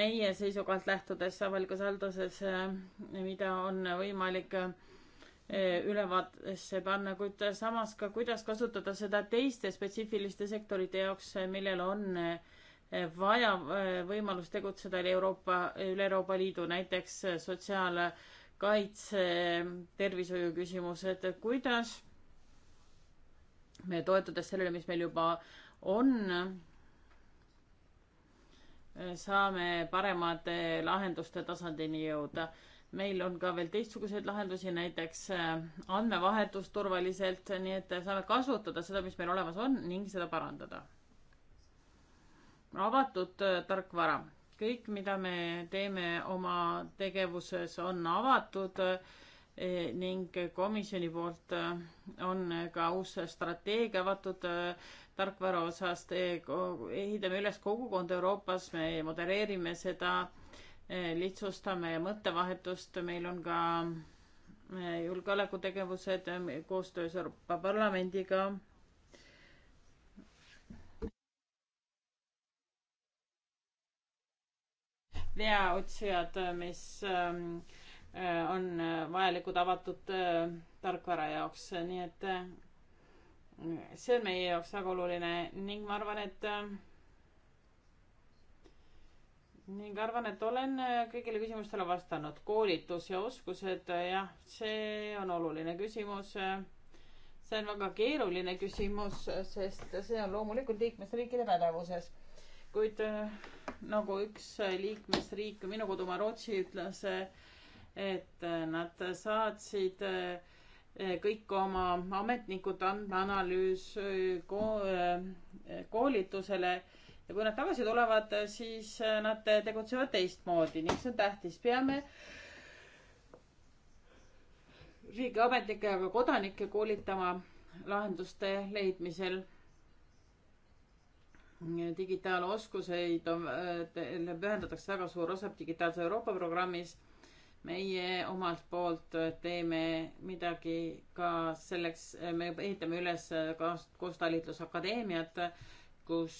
meie seisukohalt lähtudes avalikus halduses, äh, mida on võimalik äh, ülevaatesse panna, kuid samas ka, kuidas kasutada seda teiste spetsiifiliste sektorite jaoks, millel on vaja võimalus tegutseda Euroopa, üle Euroopa Liidu, näiteks sotsiaal- kaitse, tervishoiu küsimused, kuidas me toetudes sellele, mis meil juba on, saame paremate lahenduste tasandini jõuda. meil on ka veel teistsuguseid lahendusi, näiteks äh, andmevahetus turvaliselt, nii et saame kasutada seda, mis meil olemas on ning seda parandada. avatud äh, tarkvara kõik, mida me teeme oma tegevuses, on avatud e, ning komisjoni poolt e, on ka uus strateegia avatud e, tarkvara osas, ehitame üles kogukonda Euroopas, me modereerime seda, lihtsustame mõttevahetust, meil on ka julgeolekutegevused koostöös Euroopa Parlamendiga veaotsijad, mis ähm, äh, on äh, vajalikud avatud äh, tarkvara jaoks, nii et see on meie jaoks väga oluline ning ma arvan, et ning arvan, et olen kõigile küsimustele vastanud. koolitus ja oskused, jah, see on oluline küsimus. see on väga keeruline küsimus, sest see on loomulikult liikmesriikide pädevuses kuid eh, nagu üks liikmesriik, minu kodumaa Rootsi ütles, eh, et eh, nad saatsid kõik oma ametnikud andma analüüs koolitusele ja kui nad tagasi tulevad, siis nad tegutsevad teistmoodi ning see on tähtis. peame riigiametnikke ja ka kodanikke koolitama lahenduste leidmisel digitaaloskuseid on, pühendatakse väga suur osa digitaalse Euroopa programmis. meie omalt poolt teeme midagi ka selleks, me ehitame üles koostalitlusakadeemiat, kus,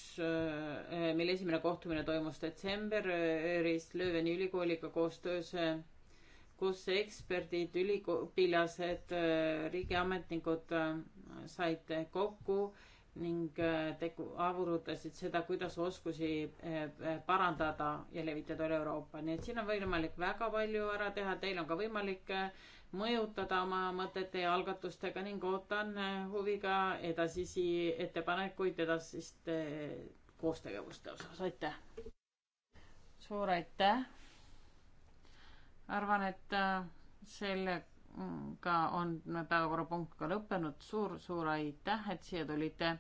mille esimene kohtumine toimus detsemberis Lööveni ülikooliga koostöös, kus eksperdid, üliõpilased, riigiametnikud said kokku ning äh, tegu, avurutasid seda, kuidas oskusi äh, parandada ja levitada üle Euroopa, nii et siin on võimalik väga palju ära teha, teil on ka võimalik äh, mõjutada oma mõtete ja algatustega ning ootan huviga edasisi ettepanekuid edasiste koostegevuste osas, aitäh! suur aitäh! arvan, et sellega mm, on päevakorrapunkt ka lõppenud suur,, suur-suur aitäh, et siia tulite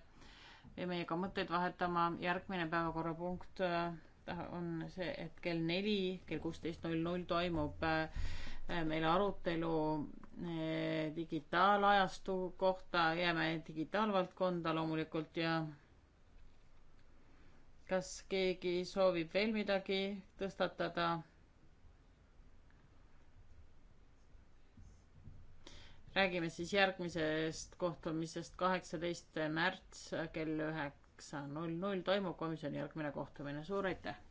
meiega mõtteid vahetama. järgmine päevakorrapunkt äh, on see, et kell neli, kell kuusteist null null toimub äh, meil arutelu äh, digitaalajastu kohta, jääme digitaalvaldkonda loomulikult ja kas keegi soovib veel midagi tõstatada? räägime siis järgmisest kohtumisest, kaheksateist märts kell üheksa null null toimub komisjoni järgmine kohtumine, suur aitäh!